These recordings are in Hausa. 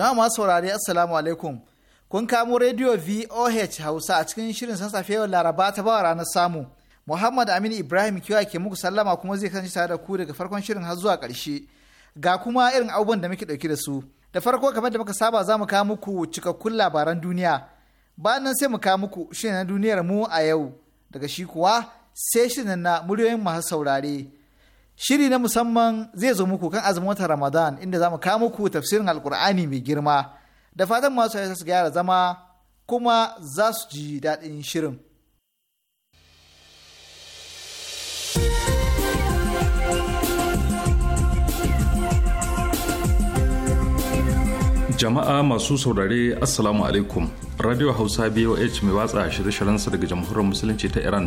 jama'a masu saurari assalamu alaikum kun kamo rediyo voh hausa a cikin shirin sassafe yau laraba ta bawa ranar samu muhammad aminu ibrahim kiwa ke muku sallama kuma zai kasance tare da ku daga farkon shirin har zuwa karshe ga kuma irin abubuwan da muke ɗauki da su da farko kamar da muka saba za mu kawo muku cikakkun labaran duniya bayan nan sai mu kawo muku shirin na duniyar mu a yau daga shi kuwa sai shirin na muryoyin masu saurare shiri na musamman zai zo muku kan azumin watan Ramadan inda za mu kawo muku tafsirin Alkur'ani mai girma. Da fatan masu yasa su gyara zama kuma za su ji daɗin shirin. Jama'a masu saurare Assalamu alaikum. Radio Hausa BOH mai watsa shirye-shiryensa daga Jamhuriyar Musulunci ta Iran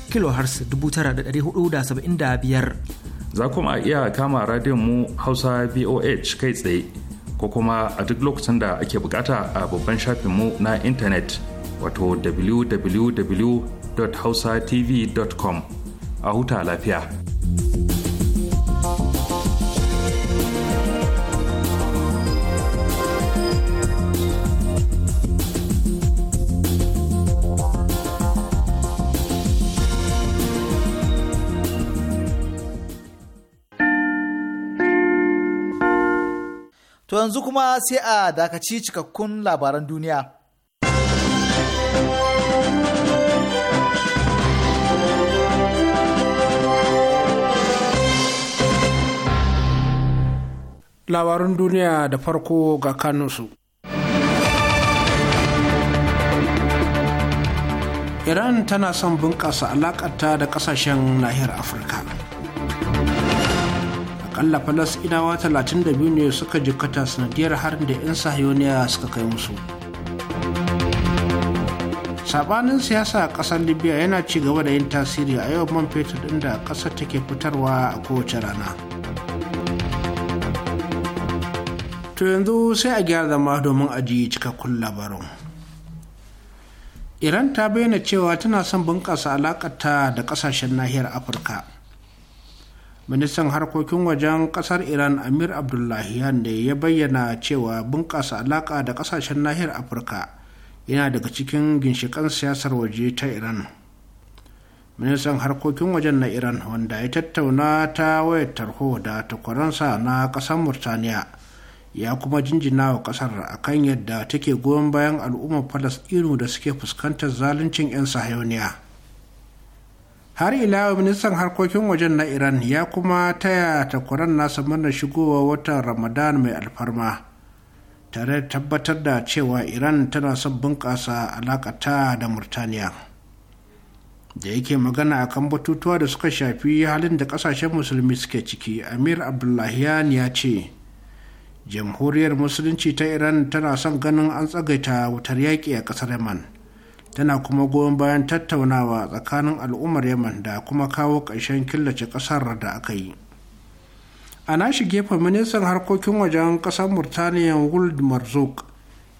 kilohertz biyar. za kuma iya kama radiyon mu hausa boh kai tsaye ko kuma a duk lokacin da ake bukata a babban shafinmu na intanet wato www.hausatv.com a huta lafiya. To yanzu kuma sai a dakaci cikakkun labaran duniya. Labarun duniya da farko ga kanunsu. Iran tana son bunƙasa alaƙarta da ƙasashen nahiyar Afirka. akalla falasɗinawa 32 ne suka jikata sanadiyar harin da 'yan sahiyoniya suka kai musu sabanin siyasa a kasar libya yana ci gaba da yin tasiri a yau man fetur din da kasar take fitarwa a kowace rana to yanzu sai a gyara zama domin ajiye cikakkun labarin iran ta bayyana cewa tana son bunƙasa alaƙata da ƙasashen nahiyar afirka ministan harkokin wajen kasar iran amir abdullahian da ya bayyana cewa bunƙasa alaƙa da ƙasashen nahiyar afirka yana daga cikin ginshikan siyasar waje ta iran ministan harkokin wajen na iran wanda ya tattauna ta wayar tarho da takwaransa na ƙasar murtaniya ya kuma jinjina wa ƙasar akan yadda take goyon bayan al'ummar falasɗinu da suke fuskantar zaluncin 'yan sahayoniya har ila ministan harkokin wajen na iran ya kuma taya takwaran nasa murnar shigowa watan ramadan mai alfarma tare da tabbatar da cewa iran tana son bunƙasa alaƙata da murtaniya da yake magana a kan batutuwa da suka shafi halin da ƙasashen musulmi suke ciki amir abdullahian ya ce jamhuriyar musulunci ta iran tana son ganin an tsagaita wutar yaƙi a ƙasar yaman tana kuma goyon bayan tattaunawa tsakanin al'ummar yaman da kuma kawo ƙarshen killace ƙasar da aka yi a nashi gefen ministan harkokin wajen ƙasar murtaniya wuld marzouk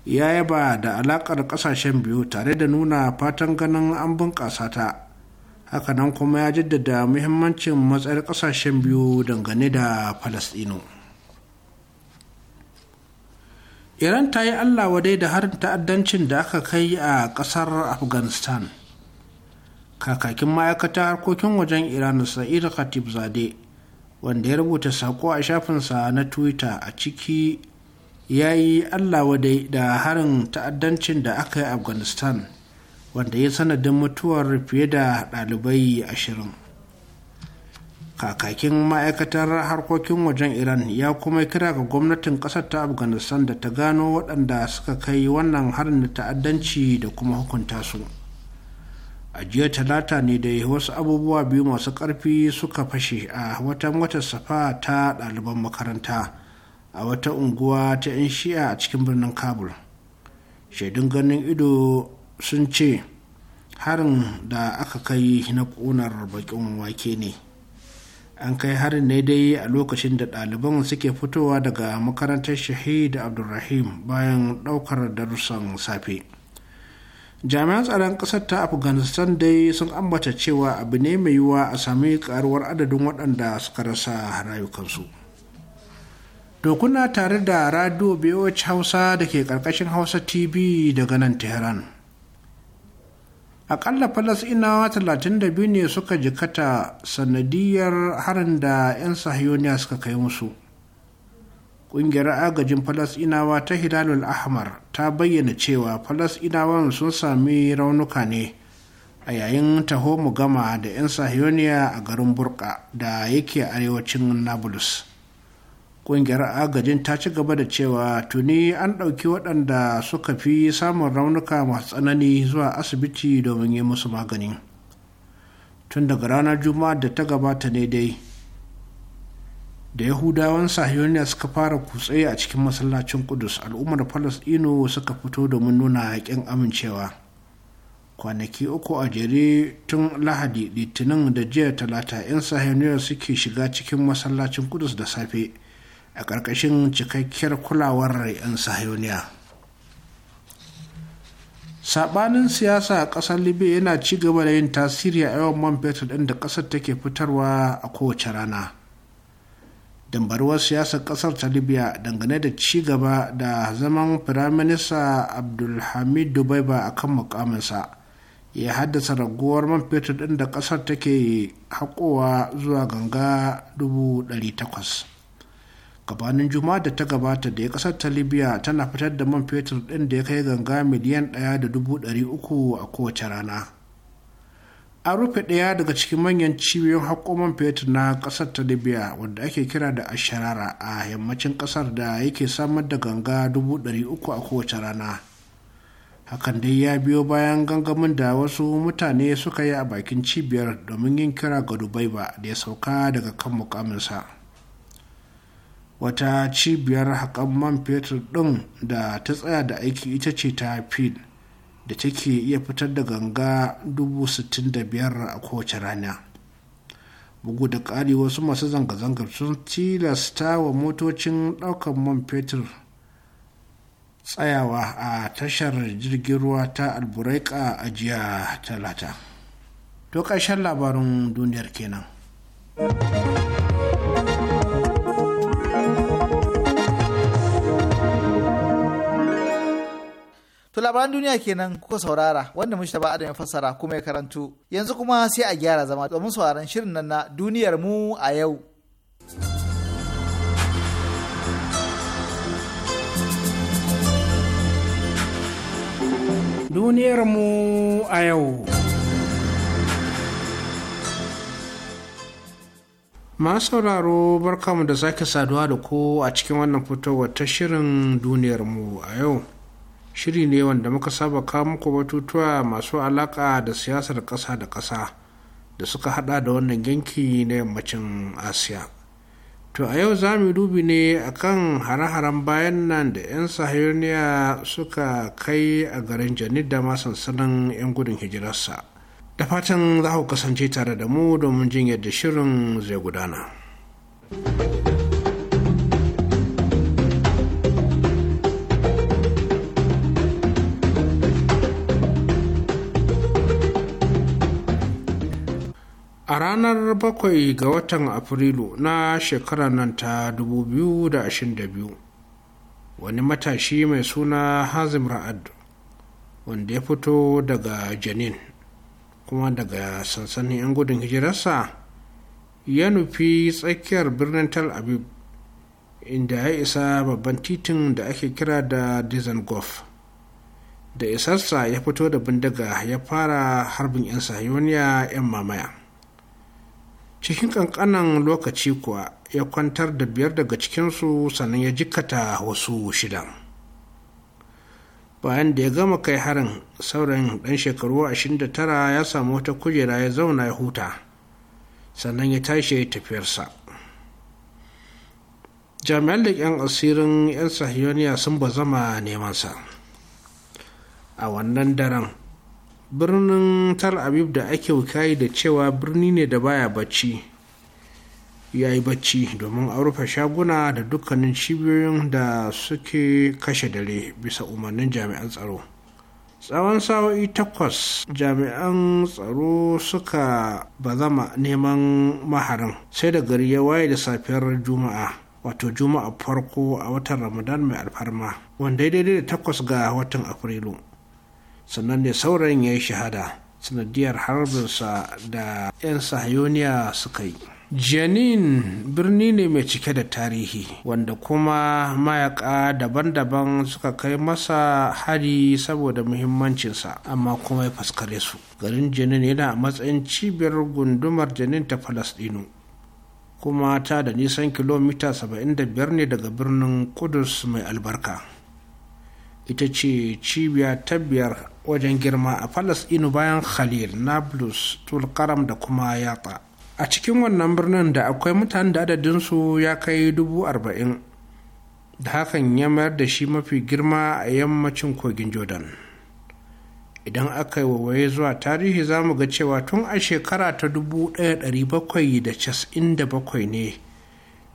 ya yaba da alaƙar ƙasashen biyu tare da nuna fatan ganin an bunƙasa ta hakanan kuma ya jaddada muhimmancin matsayar ƙasashen biyu dangane da falasɗinu. iran ta yi allah wadai da harin ta'addancin da aka kai a kasar afghanistan kakakin ma'aikatar harkokin wajen iran sa'id khatib zade wanda ya rubuta sako a shafinsa na twitter a ciki ya yi allah wadai da harin ta'addancin da aka yi afghanistan wanda ya sanadin mutuwar fiye da ɗalibai ashirin kakakin ma'aikatar harkokin wajen iran ya kuma kira ga gwamnatin kasar ta afghanistan da ta gano waɗanda suka kai wannan harin da ta'addanci da kuma hukunta su a jiya talata ne da wasu abubuwa biyu masu ƙarfi suka fashe a watan wata safa ta ɗaliban makaranta a wata unguwa ta 'yan shi'a a cikin birnin kabul shaidun ganin ido sun ce harin da aka kai na ƙunar baƙin wake ne. an kai harin ne dai a lokacin da ɗaliban suke fitowa daga makarantar shahid abdulrahim bayan ɗaukar darussan safe jami'an tsaron ƙasar ta afghanistan dai sun ambata cewa abu ne mai yiwuwa a sami karuwar adadin waɗanda suka rasa rayukansu dokuna tare da radio boh hausa da ke ƙarƙashin hausa tv daga nan tehran akalla falasinawa 32 ne suka jikata sanadiyar harin da 'yan sahiyoniya suka kai musu ƙungiyar agajin falasinawa ta hilalul ahmar ta bayyana cewa falasinawan sun sami raunuka ne a yayin taho mu gama da 'yan sahiyoniya a garin burka da yake arewacin nablus ƙungiyar agajin ta ci gaba da cewa tuni an ɗauki waɗanda suka fi samun raunuka masu tsanani zuwa asibiti domin yi musu magani tun daga ranar juma'a da ta gabata ne dai da yahudawan sahiyoniya suka fara kutse a cikin masallacin kudus al'ummar falasɗinu suka fito domin nuna yaƙin amincewa kwanaki uku a jere tun lahadi litinin da jiya talata 'yan sahiyoniya suke shiga cikin masallacin kudus da safe a ƙarƙashin cikakkiyar kulawar 'yan sahayoniya saɓanin siyasa a ƙasar libya yana ci gaba da yin tasiri a yawan man fetur ɗin da ƙasar take fitarwa a kowace rana dambarwar siyasar ƙasar ta libya dangane da ci gaba da zaman firaminista abdulhamid dubaiba a kan mukaminsa ya haddasa raguwar man fetur ɗin da ƙasar take haƙowa zuwa ganga 800 gabanin juma'a da ta gabata da ya kasar ta libya tana fitar da man fetur ɗin da ya kai ganga miliyan ɗaya da dubu ɗari uku a kowace rana an rufe ɗaya daga cikin manyan cibiyoyin haƙo man fetur na kasar ta libya wanda ake kira da asharara a yammacin ƙasar da yake samar da ganga dubu ɗari uku a kowace rana hakan dai ya biyo bayan gangamin da wasu mutane suka yi a bakin cibiyar domin yin kira ga dubai ba da ya sauka daga kan mukaminsa. wata cibiyar haƙan man fetur ɗin da ta tsaya da aiki ita ce ta fil da take iya fitar da ganga 65,000 a kowace rana bugu da ƙari wasu masu zanga-zangar sun tilasta wa motocin ɗaukar man fetur tsayawa a tashar jirgin ruwa ta alburaika a jiya talata to ƙarshen labarin duniyar kenan. To labaran duniya kenan kuka saurara wanda mun ba Adam ya fassara kuma ya karantu. Yanzu kuma sai a gyara zama domin sauraron shirin nan na duniyar mu a yau. Duniyar mu a yau. Masu sauraro barkamu da sake saduwa da ku a cikin wannan fitowar ta shirin duniyar mu a yau. shiri ne wanda muka saba kawo muku batutuwa masu alaka da siyasar ƙasa da ƙasa da suka hada da wannan yanki na yammacin asiya to a yau za mu dubi ne akan hare-haren bayan nan da 'yan sahiyoniya suka kai a garin janid da ma sansanin 'yan gudun hijirarsa da fatan za ku kasance tare da mu domin jin yadda shirin zai gudana. a ranar bakwai ga watan afrilu na shekarar nan ta 2022 wani matashi mai suna hazim ra'ad wanda ya fito daga janin kuma daga sansanin 'yan gudun hijirarsa ya nufi tsakiyar birnin Tal Abib, inda ya isa babban titin da ake kira da dizengoff da isarsa ya fito da bindiga ya fara harbin 'yan sahiyoniya 'yan mamaya cikin ƙanƙanan lokaci kuwa ya kwantar da biyar daga cikinsu sannan ya jikata wasu shidan bayan da ya gama kai harin sauran ɗan shekaru 29 ya samu wata kujera ya zauna ya huta sannan ya tashi ya tafiyarsa jami'an da yan asirin 'yan sahiyoniya sun ba bazama nemansa a wannan daren birnin tal aviv da ake wukayi da cewa birni ne da baya bacci ya yi bacci domin a rufe shaguna da dukkanin cibiyoyin da suke kashe dare bisa umarnin jami'an tsaro tsawon sa'o'i takwas jami'an tsaro suka bazama neman maharin sai da gari ya waye da safiyar juma'a wato juma'a farko a watan ramadan mai alfarma wanda daidai da takwas ga watan afrilu sannan ne saurayin ya yi shahada sanadiyar harbinsa da 'yan sahayoniya suka yi Janin birni ne mai cike da tarihi wanda kuma mayaka daban-daban suka kai masa hari saboda muhimmancinsa amma kuma ya faskare su. Garin Janin yana a matsayin cibiyar gundumar Janin ta Falasɗinu kuma ta da nisan kilomita 75 ne daga birnin Kudus mai albarka. Ita ce cibiya ta biyar wajen girma a falasɗinu bayan khalil nablus tulkaram da kuma yatsa a cikin wannan birnin da akwai mutanen da adadinsu ya kai dubu arba'in da hakan ya mayar da shi mafi girma a yammacin kogin jordan idan aka yi wawaye zuwa tarihi za mu ga cewa tun a shekara ta bakwai ne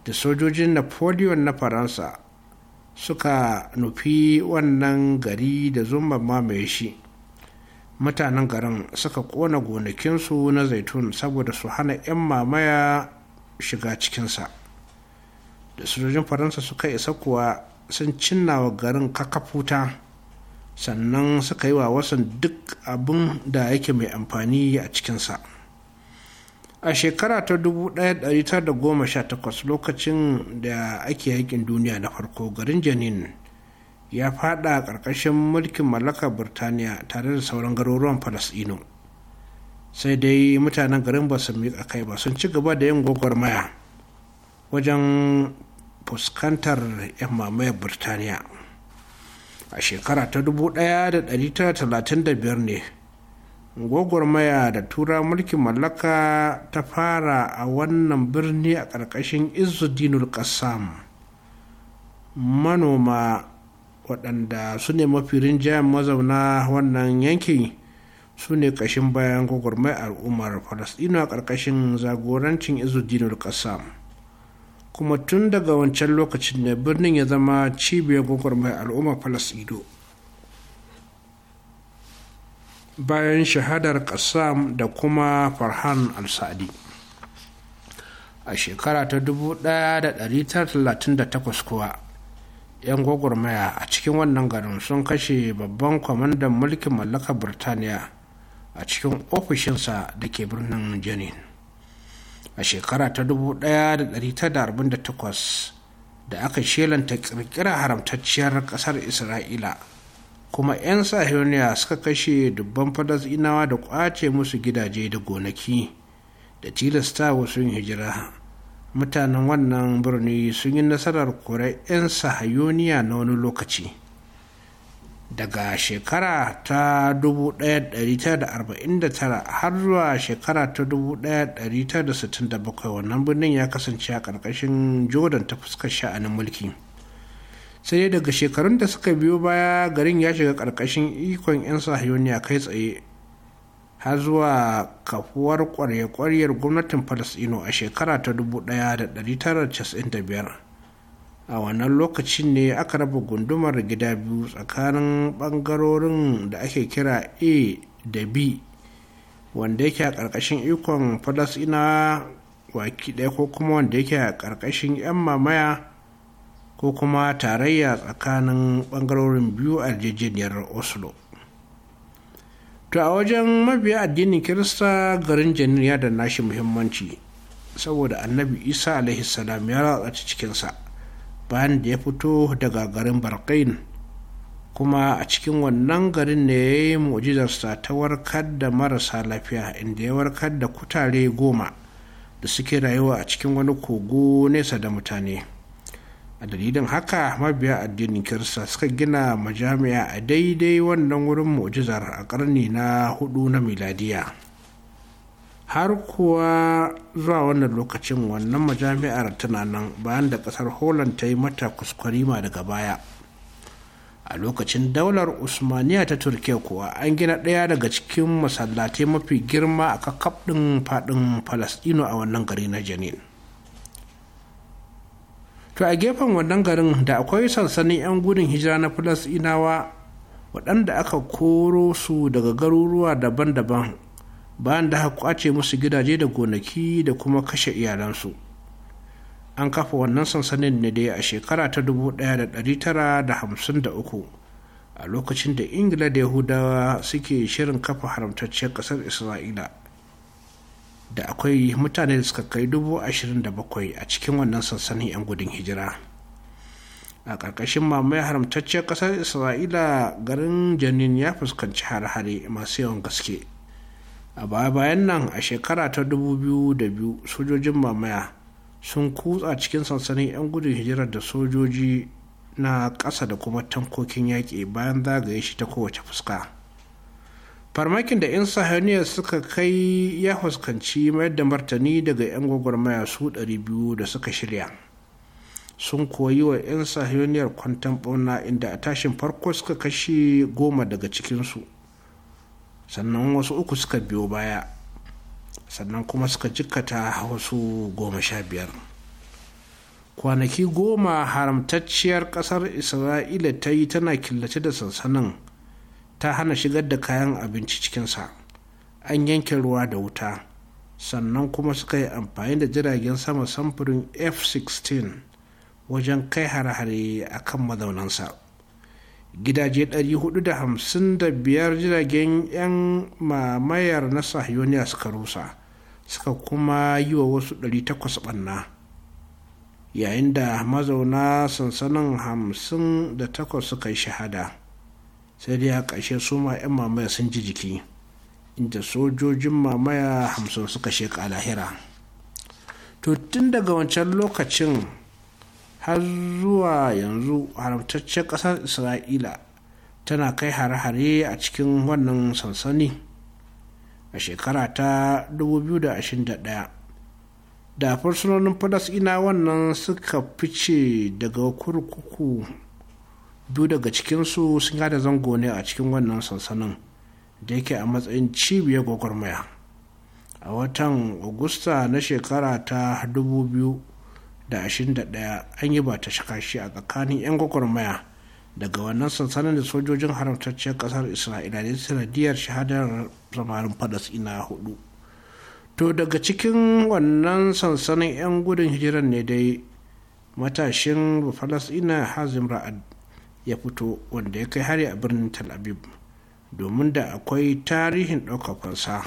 da sojojin napoleon na faransa suka nufi wannan gari da zumban mamaye shi mutanen garin suka kona gonakinsu na zaitun saboda su hana 'yan mamaya shiga cikinsa da sojojin faransa suka isa kuwa sun cinnawa garin kakafuta sannan suka yi wa wasan duk abin da yake mai amfani a cikinsa a shekara ta 1918 lokacin da ake yakin duniya na farko garin janin ya fada ƙarƙashin mulkin mallakar birtaniya tare da sauran garuruwan falasino sai dai mutanen garin basu su kai ba sun ci gaba da yin gwagwarmaya wajen fuskantar 'yan mamayar birtaniya a shekara ta 1935 ne gwagwarmaya da tura mulkin mallaka ta fara a wannan birni a ƙarƙashin Izudinul qassam manoma waɗanda su ne mafi rinjayen mazauna wannan yanki su ne ƙashin bayan gwagwarmayar al'ummar falasɗinu a ƙarƙashin zagorancin Izudinul qassam kuma tun daga wancan lokacin ne birnin ya zama cibiyar gwagwarmayar al'ummar falasɗinu bayan shahadar qassam da kuma farhan al-sa'di a shekara ta 1938 kuwa 'yan gwagwarmaya a cikin wannan garin sun kashe babban kwamandan mulkin mallakar birtaniya a cikin ofishinsa da ke birnin janin a shekara ta 1948 da aka shelanta kirkira haramtacciyar kasar isra'ila kuma 'yan sahiyoniya suka kashe dubban falasɗinawa da ƙwace musu gidaje da gonaki da tilasta wasu hijira mutanen wannan birni sun yi nasarar kore 'yan sahiyoniya na wani lokaci daga shekara ta 1949 har zuwa shekara ta 1967 wannan birnin ya kasance a ƙarƙashin jordan ta fuskar sha'anin mulki. sai dai daga shekarun da suka biyo baya garin ya shiga ƙarƙashin ikon 'yan sahiyoniya kai tsaye har zuwa kafuwar ƙwarya-ƙwaryar gwamnatin falasino a shekara ta 1995 a wannan lokacin ne aka raba gundumar gida biyu tsakanin ɓangarorin da ake kira a da b wanda yake a ƙarƙashin ikon falasina waki ɗaya ko kuma wanda yake a ƙarƙashin 'yan mamaya ko kuma tarayya tsakanin bangarorin biyu a yarjejeniyar oslo to a wajen mabiya addinin kirista garin janin ya da nashi muhimmanci saboda annabi isa alaihi ya ratsa cikinsa bayan da ya fito daga garin barkain kuma a cikin wannan garin ne ya yi mu'jizarsa ta warkar da marasa lafiya inda ya warkar da kutare goma da suke rayuwa a cikin wani kogo nesa da mutane a dalilin haka mabiya addinin kirista suka gina majami'a a daidai wannan wurin mu'jizar a ƙarni na hudu na miladiya har kuwa zuwa wannan lokacin wannan majami'ar tana nan bayan da ƙasar holland ta yi mata kuskurima daga baya a lokacin daular usmaniya ta turkiya kuwa an gina ɗaya daga cikin masallatai mafi girma a kakkaɓin faɗin falasɗino a wannan gari na janin to a gefen wannan garin da akwai sansanin 'yan gudun hijira na inawa waɗanda aka koro su daga garuruwa daban-daban bayan da aka kwace musu gidaje da gonaki da kuma kashe iyalansu an kafa wannan sansanin ne dai a shekara ta 1953 a lokacin da ingila da yahudawa suke shirin kafa haramtacciyar ƙasar isra'ila da akwai mutane da suka kai dubu ashirin da bakwai a cikin wannan sansanin 'yan gudun hijira a ƙarƙashin mamaye haramtacciyar ƙasar isra'ila garin janin ya fuskanci har-hare masu yawan gaske a baya-bayan nan a shekara ta biyu, sojojin mamaya sun kutsa cikin sansanin 'yan gudun hijira da sojoji na ƙasa da kuma tankokin yaƙi bayan zagaye shi ta kowace fuska farmakin da 'yan sahaniya suka kai ya fuskanci mayar da martani daga 'yan gwagwarmaya su 200 da suka shirya sun koyi wa 'yan sahaniyar kwantan bauna inda a tashin farko suka kashe goma daga cikinsu sannan wasu uku suka biyo baya sannan kuma suka jikata wasu goma sha biyar kwanaki goma haramtacciyar ƙasar isra'ila ta yi tana killace da sansanin ta hana shigar da kayan abinci cikinsa an yanke ruwa da wuta sannan kuma suka yi amfani da jiragen sama samfurin f-16 wajen kai hare-hare a kan mazaunansa gidaje 455 jiragen 'yan mamayar na sahiyoniya suka rusa suka kuma yi wa wasu 800 banna yayin da mazauna sansanin hamsin da suka yi shahada sai dai a kashe su ma 'yan mamaya sun ji jiki inda sojojin mamaya hamsin suka sheƙa lahira to tun daga wancan lokacin har zuwa yanzu haramtaccen ƙasar isra'ila tana kai hare-hare a cikin wannan sansani a shekara ta 2021 da fursunonin falasina wannan suka fice daga kurkuku biyu daga cikinsu sun gada zango ne a cikin wannan sansanin da yake a matsayin cibiyar gwagwarmaya a watan agusta na shekara ta 2021 an yi ba ta shakashi a tsakanin 'yan gwagwarmaya daga wannan sansanin da sojojin haramtacciyar kasar isra'ila da sanadiyar shahadar samarin falasina hudu to daga cikin wannan sansanin 'yan gudun hijiran ne dai matashin falasina hazim ra'ad ya fito wanda ya kai hari a birnin tel aviv domin da akwai tarihin ɗaukar fansa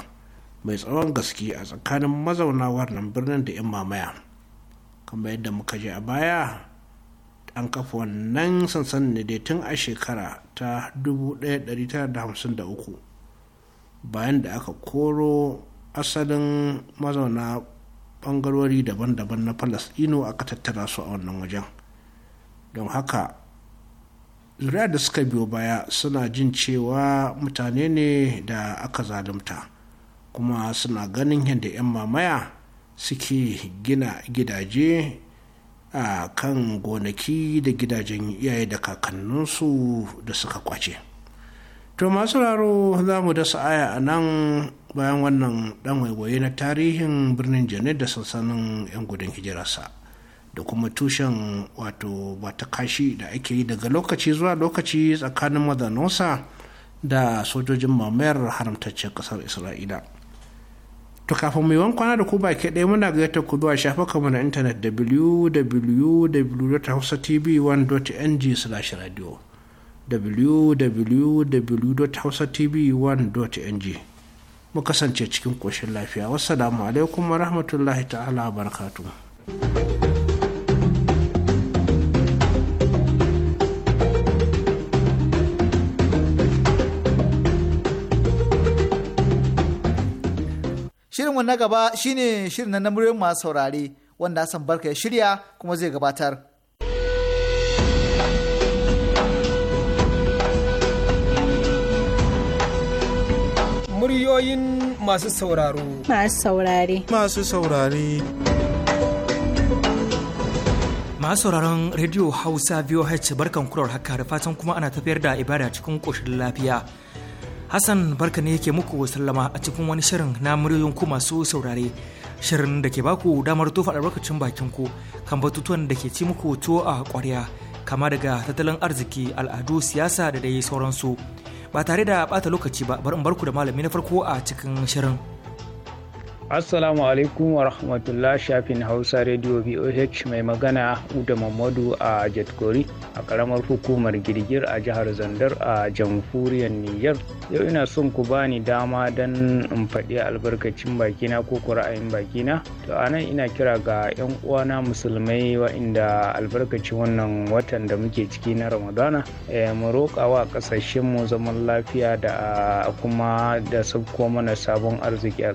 mai tsawon gaske a tsakanin mazauna wannan birnin da 'yan mamaya kamar yadda muka je a baya an kafa wannan sansanin ne tun a shekara ta 1953 bayan da aka koro asalin mazauna bangarori daban-daban na falasɗinu aka tattara su a wannan wajen don haka zuriya da suka biyo baya suna jin cewa mutane ne da aka zalunta kuma suna ganin yadda 'yan mamaya suke gina gidaje a kan gonaki da gidajen iyaye da kakanninsu da suka kwace to masu raro za mu da aya a nan bayan wannan ɗan waiwaye na tarihin birnin janet da sansanin 'yan gudun hijirarsa da kuma tushen wato bata kashi da ake yi daga lokaci zuwa lokaci tsakanin madanosa da sojojin mamayar haramtaccen kasar isra'ila to kafin mai wankwana da ku baki ɗaya muna yata kuduwa shafa kama na intanet www.hausatv1.ng/radio www.hausatv1.ng mu kasance cikin ƙoshin lafiya wassalamu alaikum wa rahmatullahi ta'ala barakatuhu shirinmu na gaba shine shirin na muryoyin masu saurare wanda san Barka ya shirya kuma zai gabatar. Muryoyin masu sauraro. Masu saurare. Masu saurare. masu sauraron rediyo hausa voh barkan kurar haka da fatan kuma ana tafiyar da ibada cikin koshin lafiya Hassan barka ne yake muku sallama a cikin wani shirin na muryoyin ku masu saurare. Shirin da ke baku damar tofa lokacin bakin ku kan batutuwan da ke ci muku tuwo a ƙwarya kama daga tattalin arziki, al'adu, siyasa da dai sauransu. Ba tare da ɓata lokaci ba, bar in barku da malami na farko a cikin shirin. Assalamu alaikum wa rahmatullah shafin Hausa Radio VOH mai magana Uda Mamadu a Jatkori a karamar hukumar Girgir a jihar Zandar a jamhuriyar Niger. Yau ina son ku bani dama don in faɗi albarkacin bakina ko ku ra'ayin bakina. To a nan ina kira ga 'yan uwana musulmai wa'inda albarkacin wannan watan da muke ciki na Ramadana. E, mu ƙasashen mu zaman lafiya da kuma da sabko mana sabon arziki a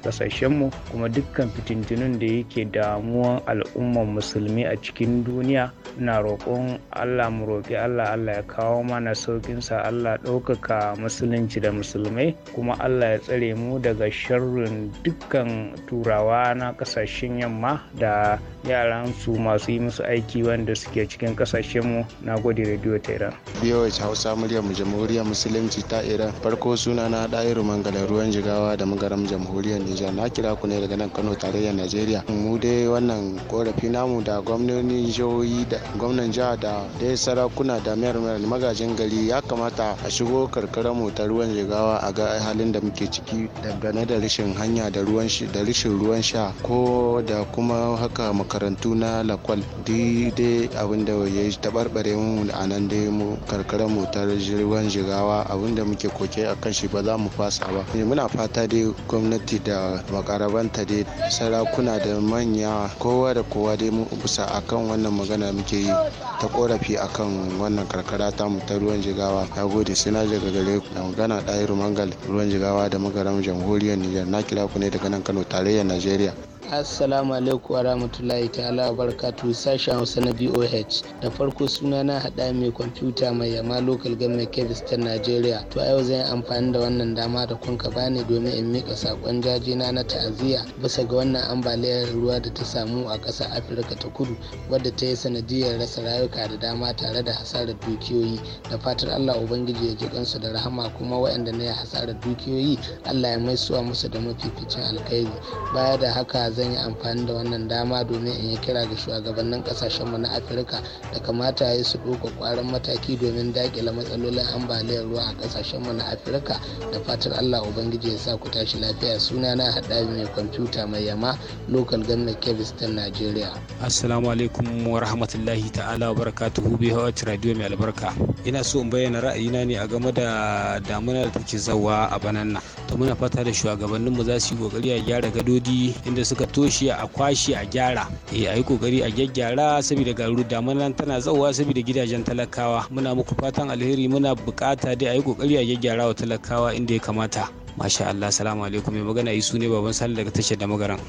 mu kuma dukkan fitintunun da yake damuwan al'umman musulmi a cikin duniya ina roƙon allah mu roƙi allah allah ya kawo mana sauƙinsa allah ɗaukaka musulunci da musulmai kuma allah ya tsare mu daga sharrin dukkan turawa na ƙasashen yamma da yaran su masu yi musu aiki wanda suke cikin ƙasashenmu na gode rediyo ta iran biyawai hausa muryar jamhuriyar musulunci ta iran farko suna na ɗayiru mangala ruwan jigawa da magaram jamhuriyar nijar na kira ku ne ne daga nan kano tarayyar najeriya mu dai wannan korafi namu da gwamnoni jihohi da gwamnan jiha da dai sarakuna da mayar mayar magajin gari ya kamata a shigo karkarar mu ta ruwan jigawa a ga halin da muke ciki dangane da rashin hanya da ruwan da rashin ruwan sha ko da kuma haka makarantu na lakwal dai abin da ya tabarbare mu a nan dai mu karkaran mu ta ruwan jigawa abin da muke koke a kan shi ba za mu fasa ba muna fata dai gwamnati da makaraba ta dai sarakuna da manya kowa da kowa dai mu bisa akan wannan magana muke yi ta korafi akan wannan karkara ta mu ta ruwan jigawa ya gode suna daga gare ku da magana ɗahiru rumangal ruwan jigawa da magaram jamhuriyar nijar na kira ku ne daga nan kano tarayyar najeriya Assalamu alaikum wa rahmatullahi ta'ala wa barakatuhu sashen Hausa na BOH. Da farko suna na haɗa mai kwamfuta mai yama local government kebis ta Najeriya. To a yau zan yi amfani da wannan dama da kunka ka bani domin in mika sakon jajena na ta'aziyya bisa ga wannan ambaliyar ruwa da ta samu a ƙasar Afirka ta Kudu wadda ta yi sanadiyar rasa rayuka da dama tare da hasarar dukiyoyi. Da fatar Allah Ubangiji ya ji kansu da rahama kuma waɗanda na yi hasarar dukiyoyi Allah ya maisuwa musu da mafificin alkhairi. Baya da haka zan yi amfani da wannan dama domin in yi kira ga shugabannin kasashenmu na afirka da kamata ya yi su ɗauka ƙwarin mataki domin daƙile matsalolin ambaliyar ruwa a kasashenmu na afirka da fatar allah ubangiji ya sa ku tashi lafiya suna na hada mai kwamfuta mai yama local government kebis ta nigeria assalamu alaikum wa rahmatullahi ta'ala wa hube bi hawa radio mai albarka ina so in bayyana ra'ayina ne a game da damuna da take zawa a banana nan muna fata da shugabanninmu za su yi kokari a gyara gadodi inda suka aka toshe a kwashe a gyara eh a yi kokari a gyaggyara saboda garu nan tana zauwa saboda gidajen talakawa muna muku fatan alheri muna bukata dai a yi kokari a gyaggyara wa talakawa inda ya kamata masha Allah salamu alaikum mai magana isu ne baban sale daga tashar da magaran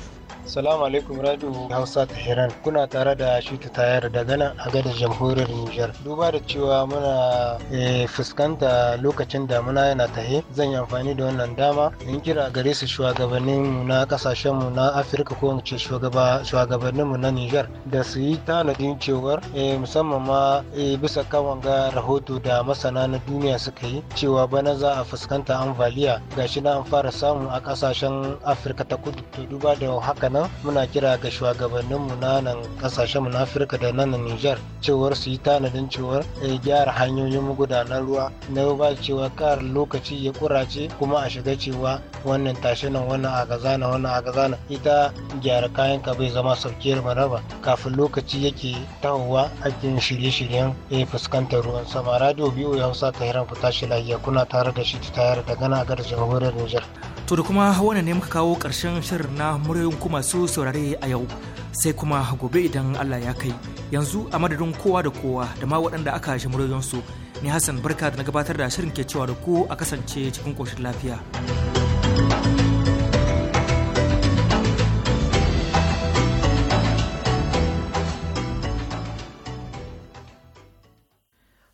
Salamu alaikum radio Hausa ta Iran Kuna tare da shita Tayar daga gana a gadar jamhuriyar Nijar. Duba da cewa muna eh, fuskanta lokacin damuna yana tahe, zan yi amfani da wannan dama in kira gare su shugabannin mu na kasashen mu na Afirka ko mu ce shugabannin mu na Nijar da su yi tanadin cewar eh, musamman ma eh, bisa kan wanga rahoto da masana na duniya suka yi cewa bana za a fuskanta ambaliya gashi na an fara samu a kasashen Afirka ta kudu to duba da haka kenan muna kira ga shugabanninmu na nan mu na afirka da nan nijar cewar su yi tanadin cewar eh, gyara hanyoyin magudanar ruwa na ba cewa kar lokaci ya kurace kuma a shiga cewa wannan tashi nan wannan a gaza na wannan a gaza na ita gyara kayan ka bai zama saukiyar maraba kafin lokaci yake tahowa ake shirye-shiryen eh, fuskantar ruwan sama radio biyu ya hausa ta hiran fita shi lahiya kuna tare da shi ta tayar da gana a gadar jamhuriyar nijar To da kuma wannan ne muka kawo ƙarshen shirin na muryoyin ku masu saurare a yau sai kuma gobe idan Allah ya kai yanzu a madadin kowa da kowa da ma waɗanda aka shi su ni Hassan barka da na gabatar da shirin ke cewa da ku a kasance cikin ƙoshin lafiya.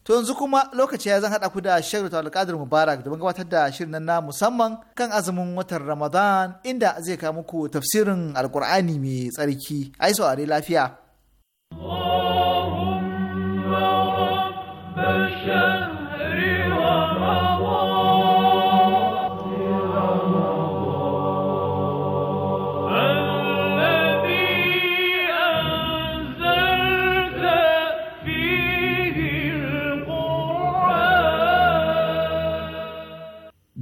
To yanzu kuma lokaci ya zan haɗa ku da Shehu ta Mubarak domin gabatar da shirin na musamman kan azumin watan Ramadan inda zai kawo muku tafsirin alkur'ani mai tsarki. Ai saurari lafiya.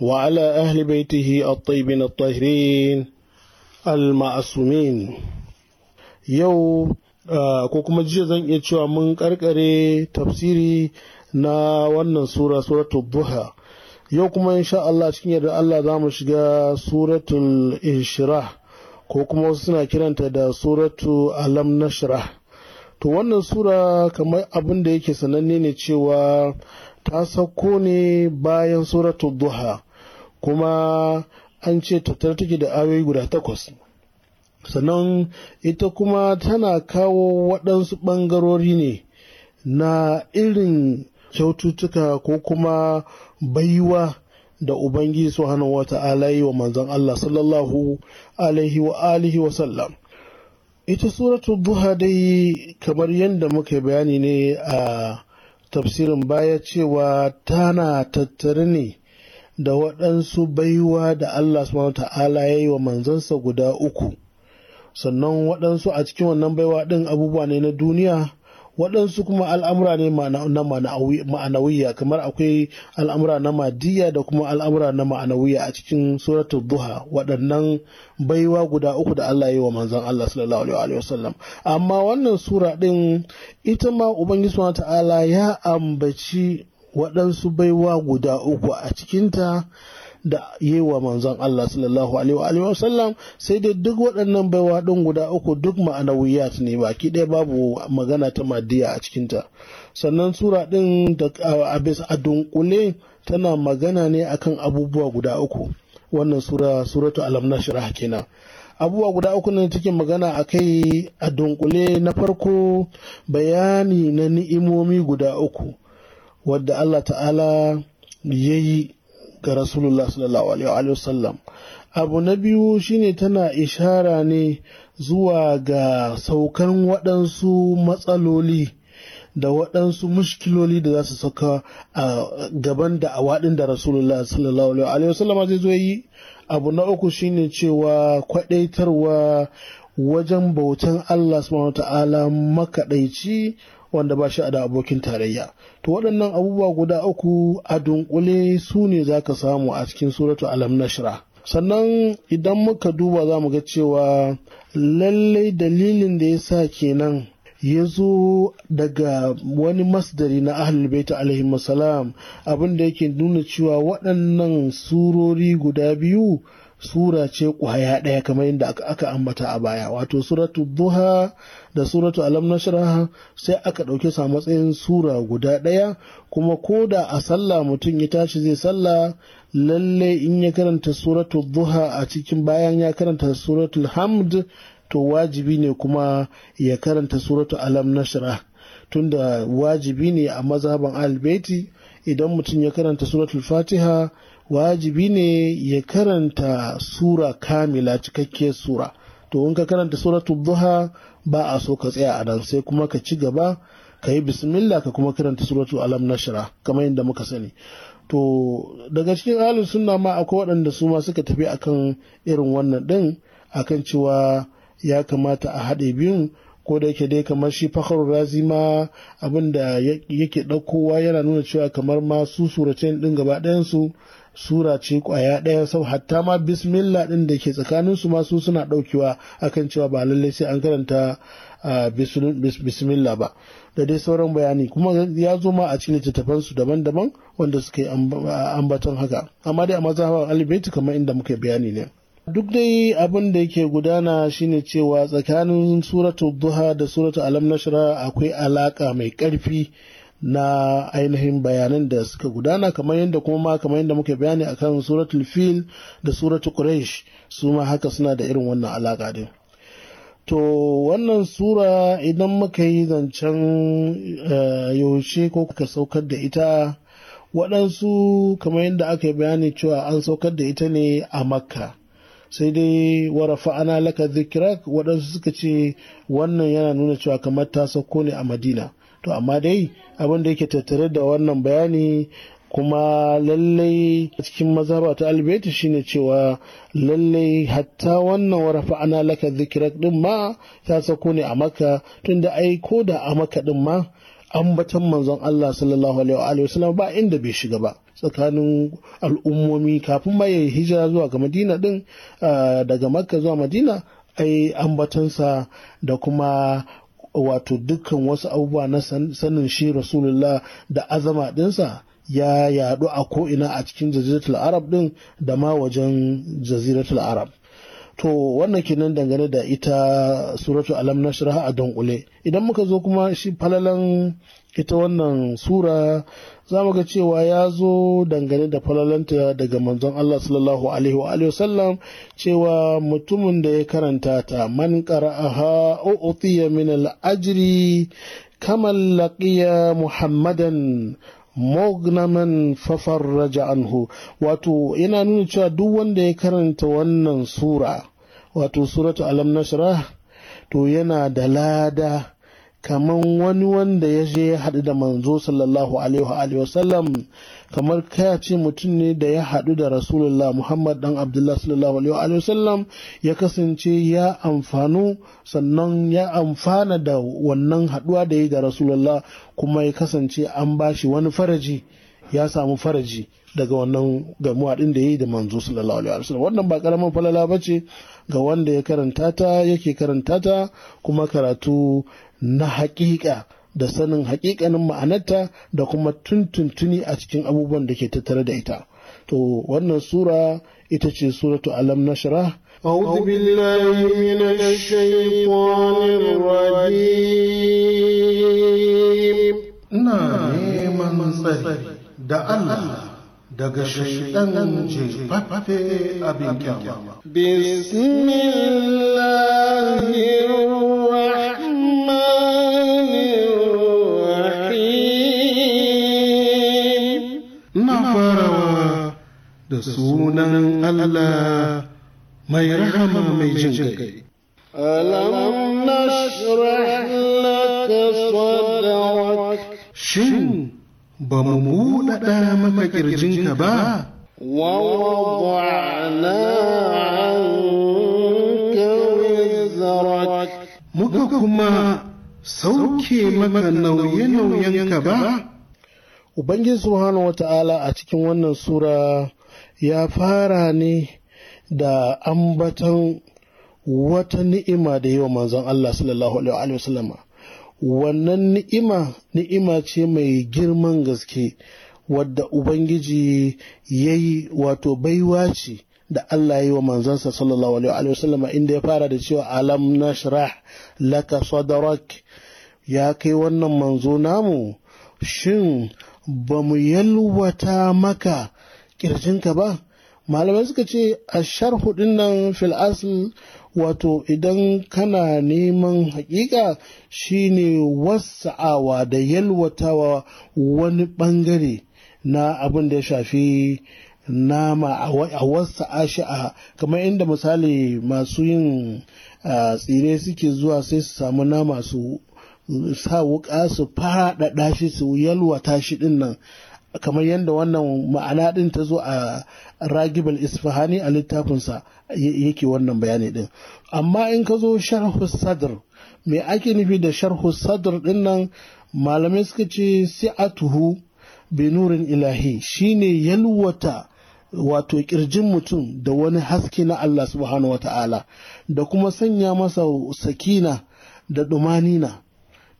وعلى أهل بيته الطيبين الطاهرين المعصومين يو ko kuma jiya zan iya cewa mun karkare tafsiri na wannan sura suratul duha yau kuma insha Allah cikin yadda Allah za mu shiga suratul inshirah ko kuma wasu suna kiranta da suratu alam nashrah to wannan sura kamar abin da yake sananne ne cewa ta sauko ne bayan suratul duha kuma an ce tattare take da ayoyi guda takwas sannan ita kuma tana kawo waɗansu ɓangarori ne na irin kyaututtuka ko kuma baiwa da Ubangiji su wa wata alayi wa manzon Allah sallallahu alaihi wa alihi wa sallam. Ita suratu duha dai kamar yadda muka bayani ne a tafsirin baya cewa tana tattare ne da waɗansu baiwa da Allah subhanahu ta'ala ya yi wa manzansa guda uku sannan waɗansu a cikin wannan baiwa ɗin abubuwa ne na duniya waɗansu kuma al'amura ne na ma'anawiya kamar akwai al'amura na madiya da kuma al'amura na ma'anawiya a cikin suratul duha waɗannan baiwa guda uku da Allah yi wa manzan Allah sallallahu alaihi wasallam amma wannan sura ɗin ita ma ubangiji ta'ala ya ambaci waɗansu baiwa guda uku a cikinta da yi wa manzon Allah sallallahu alaihi wa sallam sai dai duk waɗannan baiwa ɗin guda uku duk ma'anawiyat ne baki ɗaya babu magana ta madiya a cikinta sannan sura ɗin da abis a dunkule tana magana ne akan abubuwa guda uku wannan sura suratu alam nashrah kenan abubuwa guda uku ne take magana a kai a dunkule na farko bayani na ni'imomi guda uku wadda Allah ta'ala ya yi ga rasulullah sallallahu alaihi wasallam abu na biyu shine tana ishara ne zuwa ga saukan waɗansu matsaloli da waɗansu mushkiloli da za su sauka a gaban da a waɗin da rasulullah sallallahu alaihi wasallama zai zo yi abu na uku shine cewa kwaɗaitarwa wajen bautan allah subhanahu ta'ala makaɗaici wanda ba shi da abokin tarayya to waɗannan abubuwa guda uku a dunkule su ne za ka samu a cikin suratu alam nashra sannan idan muka duba za mu ga cewa lallai dalilin da ya sa kenan ya zo daga wani masdari na ahlul baita alaihi salam abin da yake nuna cewa waɗannan surori guda biyu sura ce kwaya ɗaya kamar yadda aka ambata a baya wato suratu duha da suratu alam nashraha sai aka ɗauke su a matsayin sura guda ɗaya kuma ko da a sallah mutum ya tashi zai sallah lalle in ya karanta suratu duha a cikin bayan ya karanta suratul hamd to wajibi ne kuma ya karanta suratu alam nashra tunda wajibi ne a mazhaban albeti idan mutum ya karanta suratul fatiha wajibi ne ya karanta sura kamila cikakkiyar sura to in ka karanta suratul duha ba a so ka tsaya a nan sai kuma ka ci gaba ka yi bismillah ka kuma karanta suratu alam nashra kamar yadda muka sani to daga cikin halin sunna ma akwai waɗanda su ma suka tafi akan irin wannan ɗin, akan cewa ya kamata a haɗe biyun ko da yake dai kamar shi fakhar razi ma abinda yake ɗaukowa yana nuna cewa kamar ma su surace ɗin gaba ɗayansu sura ce kwaya ɗaya sau hatta ma bismillah ɗin da ke tsakanin su masu suna ɗaukewa akan cewa ba lallai sai an karanta bismillah ba da dai sauran bayani kuma ya zo ma a cikin littattafan su daban-daban wanda suka yi ambaton haka amma dai a mazhabar alibaiti kamar inda muka bayani ne duk dai abin da yake gudana shine cewa tsakanin suratu duha da suratu alam nashra akwai alaka mai karfi. na ainihin bayanan da suka gudana kamar yadda kuma ma kamar yadda muka bayani akan suratul fil da suratul quraish su ma haka suna da irin wannan alaka din to wannan sura idan muka yi zancen eh, yaushe ko kuka saukar da ita waɗansu kamar yadda aka yi bayani cewa an saukar da ita ne a makka sai dai warafa ana laka zikirak waɗansu suka ce wannan yana nuna cewa kamar ta sauko ne a madina to amma dai abin da yake tattare da wannan bayani kuma lallai cikin mazhaba ta albaiti shine cewa lallai hatta wannan warafa ana laka zikirar din ma ta sako ne a maka tunda ai ko da a maka din ma ambatan manzon Allah sallallahu alaihi wa sallam ba inda bai shiga ba tsakanin al'ummomi kafin ma ya hijira zuwa ga Madina din ah, daga Makka zuwa Madina ai ambatansa da kuma wato dukkan wasu abubuwa na sanin shi rasulullah da azama dinsa ya yadu a ko'ina a cikin jaziratul arab din da ma wajen jaziratul arab to wannan kenan dangane da ita suratu alam na shirha a dunkule idan muka zo kuma shi falalan ita wannan sura za mu ga cewa ya zo dangane da falalanta daga manzon Allah sallallahu alaihi wa sallam cewa mutumin da ya karanta ta man qara'aha u'tiya min al-ajri kamal laqiya muhammadan mognaman fafarraja anhu wato yana nuna cewa duk wanda ya karanta wannan sura wato suratu alam nashra to yana da lada kamar wani wanda ya je ya haɗu da manzo sallallahu alaihi wa wasallam kamar kaya ce mutum ne da ya haɗu da rasulullah muhammad dan abdullah sallallahu alaihi wa wasallam ya kasance ya amfanu sannan ya amfana da wannan haɗuwa da ya da rasulullah kuma ya kasance an bashi wani faraji ya samu faraji daga wannan gamuwa din da ya yi da manzo sallallahu alaihi wa sallam wannan ba karamin falala ba ce ga wanda ya karanta ta yake karanta ta kuma karatu na haƙiƙa da sanin haƙiƙanin ma'anarta da kuma tuntuntuni a cikin abubuwan da ke tattare da ita to wannan sura ita ce suratu alam na shara. da Allah daga shaidan jefaffe abin kyawa. Bismillahirrahmanirrahim da sunan Allah mai rahama mai jin kai. Shin ba mu buɗaɗa maka ƙirjinka ba? Wa Muka kuma sauke maka nauye-nauyenka ba? Ubangiji Subhanahu wa ta'ala a cikin wannan Sura ya fara ne da ambaton wata ni'ima da yi wa manzon Allah sallallahu alaihi wasallama wannan ni'ima ni'ima ce mai girman gaske wadda Ubangiji ya yi wato baiwa ce da Allah ya yi wa manzansa sallallahu alaihi wasallama inda ya fara da cewa alam nashrah laka sadarak ya kai wannan manzo namu shin ba mu yalwata maka kirjinka ba malamai suka ce a sharhu nan fil wato idan kana neman hakika shine wasa'awa da yalwatawa wani bangare na abin da ya shafi nama a wasa'a shi a kamar inda misali masu yin tsire suke zuwa sai su samu nama su sa wuƙa su faɗaɗa shi su yalwata shi kamar yadda wannan ma'ana ɗin ta zo a ragibal isfahani a littafinsa yake wannan bayani ɗin amma in ka zo sharhu sadr me ake nufi da sharhu sadr ɗin nan malamai suka ce si'atuhu bi nurin ilahi shine yalwata wato kirjin mutum da wani haske na Allah subhanahu wata'ala da kuma sanya masa sakina da ɗumanina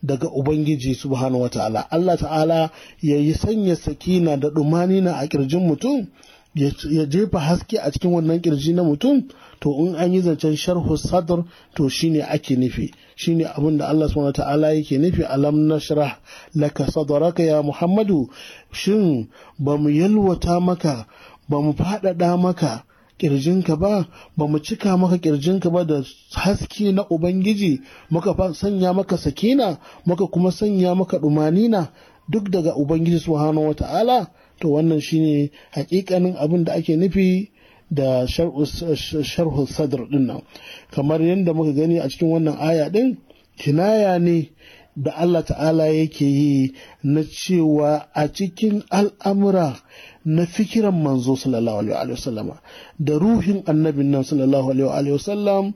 daga Ubangiji subhanahu wata'ala Allah ta'ala ya yi sanya sakina da na a kirjin mutum ya jefa haske a cikin wannan kirji na mutum to in an yi zancen sharhu sadr to shine ake nufi shine abin da Allah subhanahu ta'ala yake nufi alam nashrah laka sadraka ya Muhammadu shin bamu yalwata maka Bamu mu faɗaɗa maka kirjinka ba ba mu cika maka kirjinka ba da haske na ubangiji muka sanya maka sakina muka kuma sanya maka dumanina duk daga ubangiji subhanahu ta'ala? to wannan shi ne hakikanin abin da ake nufi da sharhu sadr din nan kamar yadda muka gani a cikin wannan aya ɗin? kinaya ne da Allah ta'ala yake yi na cewa a cikin al'amura na fikiran manzo sallallahu alaihi wasallama da ruhin annabin nan sallallahu alaihi wasallam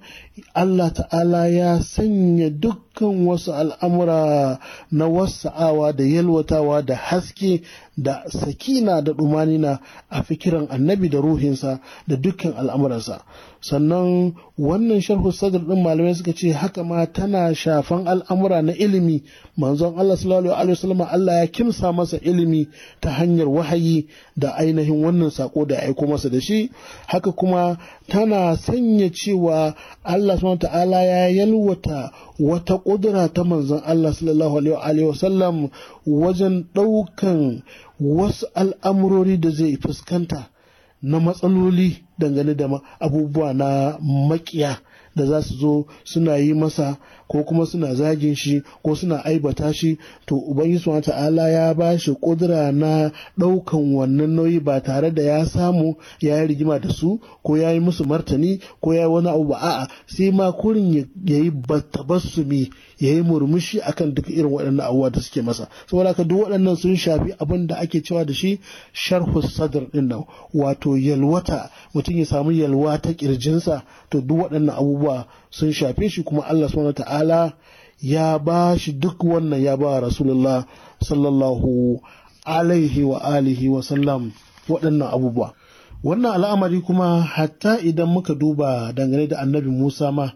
Allah ta'ala ya sanya dukkan wasu al'amura na wasa'awa da yalwatawa da haske da sakina da ɗumanina a fikiran annabi da ruhinsa da dukkan al'amuransa. Sannan wannan sharhu sadar ɗin malamai suka ce haka ma tana shafan al'amura na ilimi, manzon Allah sallallahu Alaihi wasallam Allah ya kimsa masa ilimi ta hanyar wahayi da ainihin wannan sako da aiko masa da shi, haka kuma tana sanya cewa Allah Allah subhanahu ta'ala ya yalwata wata ƙudura ta manzon Allah sallallahu alaihi wasallam wajen ɗaukan wasu al'amurori da zai fuskanta na matsaloli dangane da abubuwa na makiya da za su zo suna yi masa ko kuma suna zagin shi ko suna aibata shi to ubangiji wa ta'ala ya ba shi kudura na ɗaukan wannan nauyi ba tare da ya samu ya yi rigima da su ko ya yi musu martani ko ya yi wani abu ba a'a sai ma kurin ya yi tabassumi ya yi murmushi akan duk irin waɗannan abubuwa da suke masa saboda haka duk waɗannan sun shafi abin da ake cewa da shi sharhu sadr din nan wato yalwata mutum ya samu yalwa ta kirjinsa to duk waɗannan abubuwa sun shafe shi kuma Allah subhanahu ta'ala ya ba shi duk wannan ya ba rasulullah sallallahu alaihi wa alihi wa sallam waɗannan abubuwa wannan al'amari kuma hatta idan muka duba dangane da annabi musa ma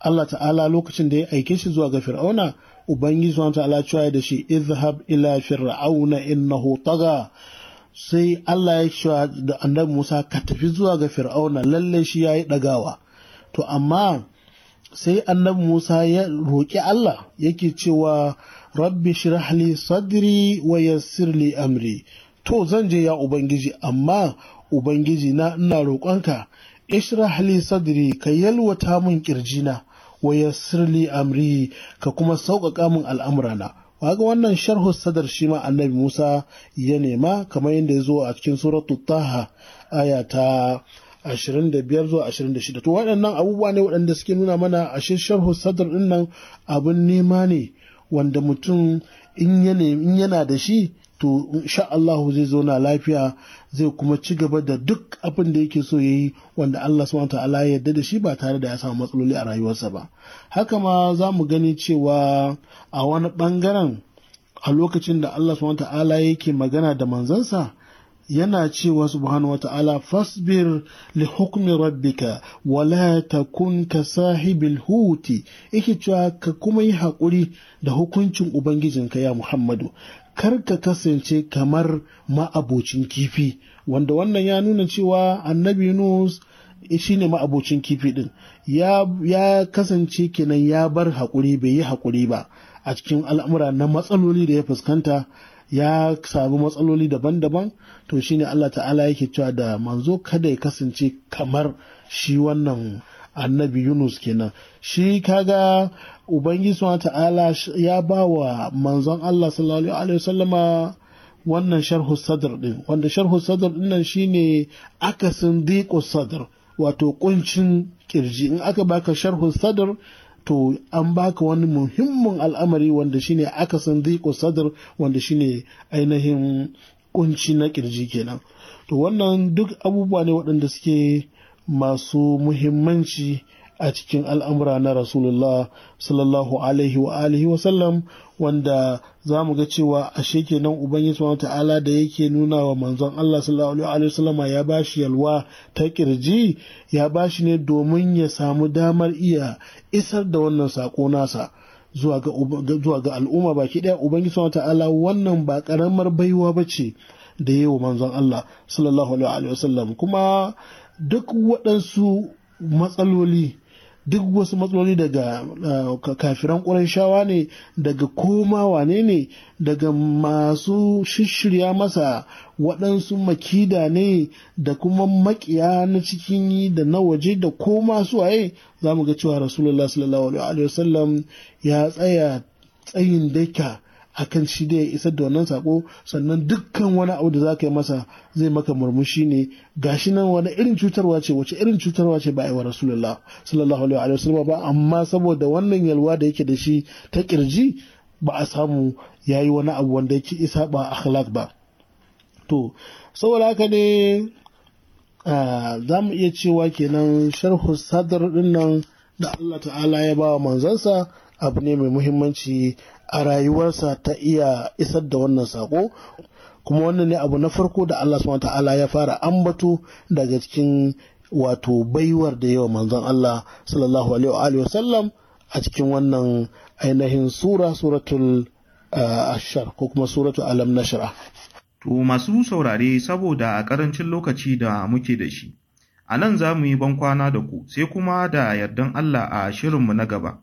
Allah ta'ala lokacin da ya aike shi zuwa ga fir'auna ubangiji subhanahu ta'ala cewa da shi izhab ila fir'auna innahu taga sai Allah ya cewa da annabi Musa ka tafi zuwa ga Fir'auna lalle shi yayi dagawa to amma sai annabi Musa ya roƙi Allah yake cewa rabbi shirahli sadri wa yassirli amri to zan je ya ubangiji amma ubangiji na ina roƙonka ishrahli sadri ka yalwata min kirjina wa yassirli amri ka kuma sauƙaƙa min al'amurana waga wannan sharhu sadar shi ma annabi Musa ya nema kamar yadda ya zo a cikin suratu taha aya 25 zuwa 26 to waɗannan abubuwa ne waɗanda suke nuna mana a sharhu sadar din nan abin nema ne wanda mutum in yana da shi to insha Allah zai zauna lafiya zai kuma ci gaba da duk abin da yake so ya yi wanda Allah subhanahu ta'ala ya yarda da shi ba tare da ya samu matsaloli a rayuwarsa ba haka ma za mu gani cewa a wani bangaren a lokacin da Allah subhanahu ta'ala yake magana da manzansa yana cewa subhanahu wata'ala fasbir li hukmi rabbika wala takun ka sahibil huti yake cewa ka kuma yi haƙuri da hukuncin ubangijinka ya muhammadu kar ka kasance kamar ma'abocin kifi wanda wannan ya nuna cewa annabi nus shi ne ma'abocin kifi din ya, kasance kenan ya bar haƙuri bai yi haƙuri ba a cikin al'amura na matsaloli da ya fuskanta ya samu matsaloli daban-daban to shine Allah ta'ala yake cewa da manzo kada ya kasance kamar shi wannan annabi Yunus kenan shi kaga Ubangiji subhanahu ta'ala ya ba wa manzon Allah sallallahu alaihi wasallama wannan sharhu sadr din wanda sharhu sadr din nan shine akasin diqu sadr wato kuncin kirji in aka baka sharhu sadr to an baka wani muhimmin al'amari wanda shine aka san ziƙo sadar wanda shine ainihin kunci na kirji kenan to wannan duk abubuwa ne waɗanda suke masu muhimmanci a cikin al'amura na rasulullah sallallahu alaihi wa alihi wasallam wanda za mu ga cewa ashe kenan ubangiji wa ta'ala da yake nuna wa manzon Allah sallallahu alaihi wasallama ya ba shi yalwa ta kirji ya ba shi ne domin ya samu damar iya isar da wannan sako nasa zuwa ga al'umma ba daya ubangiji subhanahu ta'ala wannan ba ƙaramar baiwa ba ce da yi wa manzon Allah sallallahu alaihi wasallam kuma duk waɗansu matsaloli duk wasu matsaloli daga eh, kafiran shawa ne daga koma wane ne daga masu shishirya masa waɗansu makida ne da kuma makiya na cikin yi da na waje da koma waye za mu ga cewa rasulullah sallallahu alaihi wasallam ya tsaya tsayin daka Hakan shi dai ya isar da wannan sako sannan dukkan wani abu da za ka yi masa zai maka murmushi ne gashi nan wani irin cutarwa ce wace irin cutarwa ce ba a wa rasulullah sallallahu alaihi wa sallam ba amma saboda wannan yalwa da yake da shi ta kirji ba a samu ya yi wani abu wanda yake isa ba akhlaq ba to saboda haka ne za mu iya cewa kenan sharhu sadar din da Allah ta'ala ya ba wa manzansa abu ne mai muhimmanci a rayuwarsa ta iya isar da wannan sako kuma wannan ne abu na farko da Allah subhanahu ya fara ambato daga cikin wato baiwar da yawa manzon Allah sallallahu alaihi wa wasallam a cikin wannan ainihin sura suratul eh, ashar ko kuma suratul alam nashra to masu saurare saboda a karancin lokaci da muke da shi a nan za mu yi bankwana da ku sai kuma da yardan Allah a shirinmu na gaba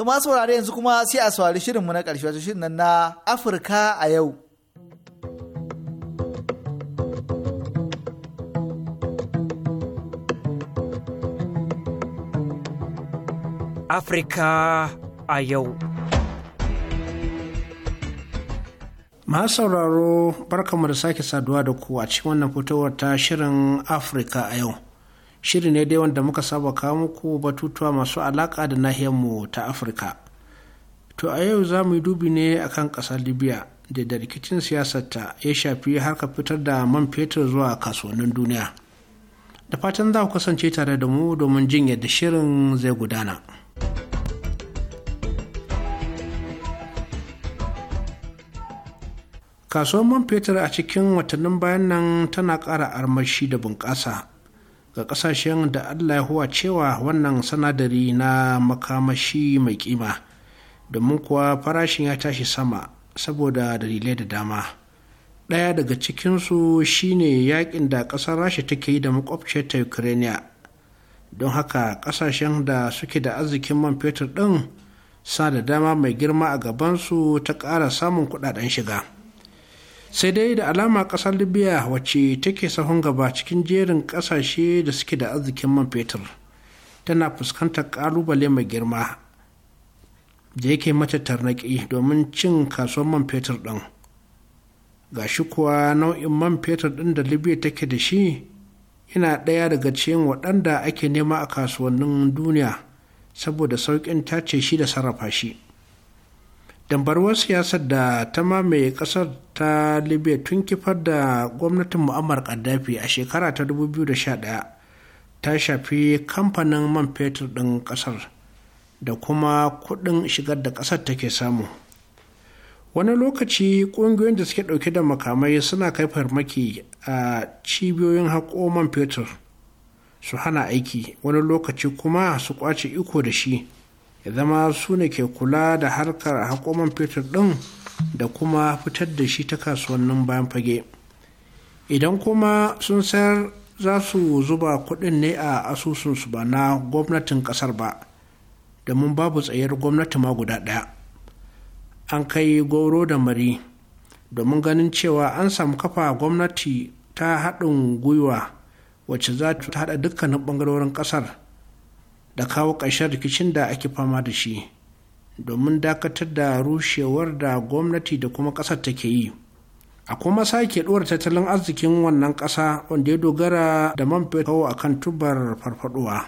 To ma saurare yanzu kuma sai a saurari shirinmu na ƙarshe wato shirin nan na Afirka a yau. Afirka a yau. Ma sauraro barkamu da sake saduwa da ku a cikin wannan fitowar ta shirin Afirka a yau. shiri ne dai wanda muka saba kawo muku batutuwa masu alaƙa da nahiyarmu ta afirka to a yau za mu yi dubi ne akan ƙasar libya da da rikicin siyasarta ya shafi harka fitar da man fetur zuwa kasuwannin duniya da fatan za ku kasance tare da mu domin jin yadda shirin zai gudana. kasuwar man fetur a cikin watannin bayan nan tana ƙara armashi da bunƙasa ga kasashen da allah ya huwa cewa wannan sanadari na makamashi mai kima domin kuwa farashin ya tashi sama saboda dalilai da dama ɗaya daga cikinsu shine yakin da ƙasar rasha take yi da ta ukraine don haka ƙasashen da suke da arzikin man fetur ɗin sa da dama mai girma a gabansu ta ƙara samun kuɗaɗen shiga. sai dai da alama kasar libya wacce take sahun gaba cikin jerin kasashe da suke da arzikin man fetur tana fuskantar kalubale mai girma da yake mata tarnaki domin cin kasuwar man fetur din ga shi kuwa nau'in man fetur ɗin da libya take da shi yana ɗaya daga cikin waɗanda ake nema a kasuwannin duniya saboda sauƙin tace shi da sarrafa shi. dambarwar siyasar da ta mamaye kasar ta libya tun kifar da gwamnatin mu'ammar gaddafi a shekara ta 2011 ta shafi kamfanin man fetur ɗin ƙasar da kuma kuɗin shigar da ƙasar take samu wani lokaci ƙungiyoyin da suke ɗauke da makamai suna kai farmaki a cibiyoyin haƙo man fetur su hana aiki wani lokaci kuma su ƙwace iko da shi ya zama su ne ke kula da harkar hakoman fetur ɗin da kuma fitar da shi ta kasuwannin bayan fage idan kuma sun sayar za su zuba kuɗin ne a asusun su ba na gwamnatin ƙasar ba domin babu tsayar gwamnati ma guda ɗaya an kai goro da mari domin ganin cewa an samu kafa gwamnati ta haɗin gwiwa wacce za ta haɗa dukkanin ɓangarorin ƙasar da kawo ƙarshen rikicin da ake fama da shi domin dakatar da rushewar da gwamnati da kuma ƙasar take yi a kuma sake ɗora tattalin arzikin wannan ƙasa wanda ya dogara da man fetur a kan tubar farfaɗowa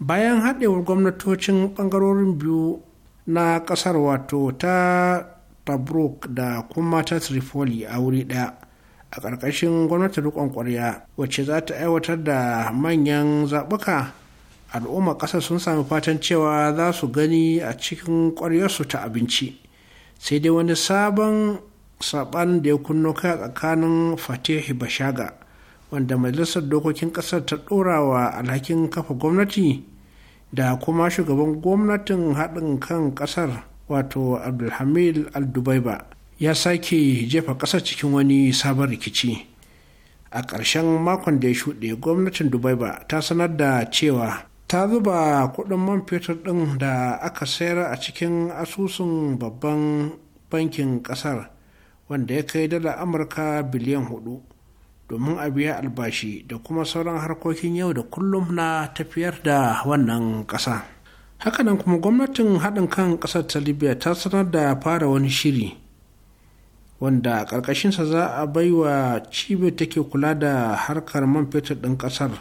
bayan haɗewar gwamnatocin ɓangarorin biyu na ƙasar wato ta tabrok da kuma ta tripoli a wuri ɗaya a ƙarƙashin gwamnatin riƙon ƙwarya wacce za ta aiwatar da manyan zaɓuka al'umma ƙasar sun sami fatan cewa za su gani a cikin ƙwaryarsu ta abinci sai dai wani sabon saban da ya kunno kai tsakanin fatihi bashaga wanda majalisar dokokin ƙasar ta ɗora alhakin kafa gwamnati da kuma shugaban gwamnatin haɗin kan ƙasar wato abdulhamid aldubaiba ya sake jefa ƙasar cikin wani sabon rikici a ƙarshen makon da ya shuɗe gwamnatin dubaiba ta sanar da cewa ta zuba kudin man fetur din da aka sayar a cikin asusun babban bankin kasar wanda ya kai dala amurka biliyan hudu domin a biya albashi da kuma sauran harkokin yau da kullum na tafiyar da wannan kasa. hakanan kuma gwamnatin haɗin kan ƙasar ta libya ta sanar da fara wani shiri wanda a ƙarƙashinsa za a baiwa cibiyar take kula da harkar man fetur ɗin ƙasar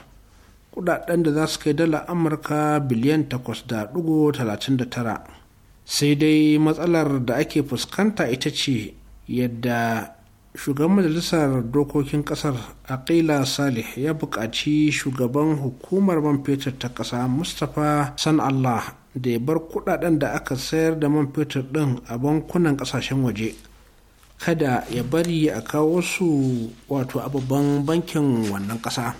kudaden da za su kai dala amurka biliyan 8.39 sai dai matsalar da ake fuskanta ita ce yadda shugaban majalisar dokokin kasar akila salih ya buƙaci shugaban hukumar man fetur ta ƙasa mustapha san allah da ya bar kudaden da aka sayar da man fetur ɗin a bankunan ƙasashen waje kada ya bari a kawo su wato a babban bankin wannan ƙasa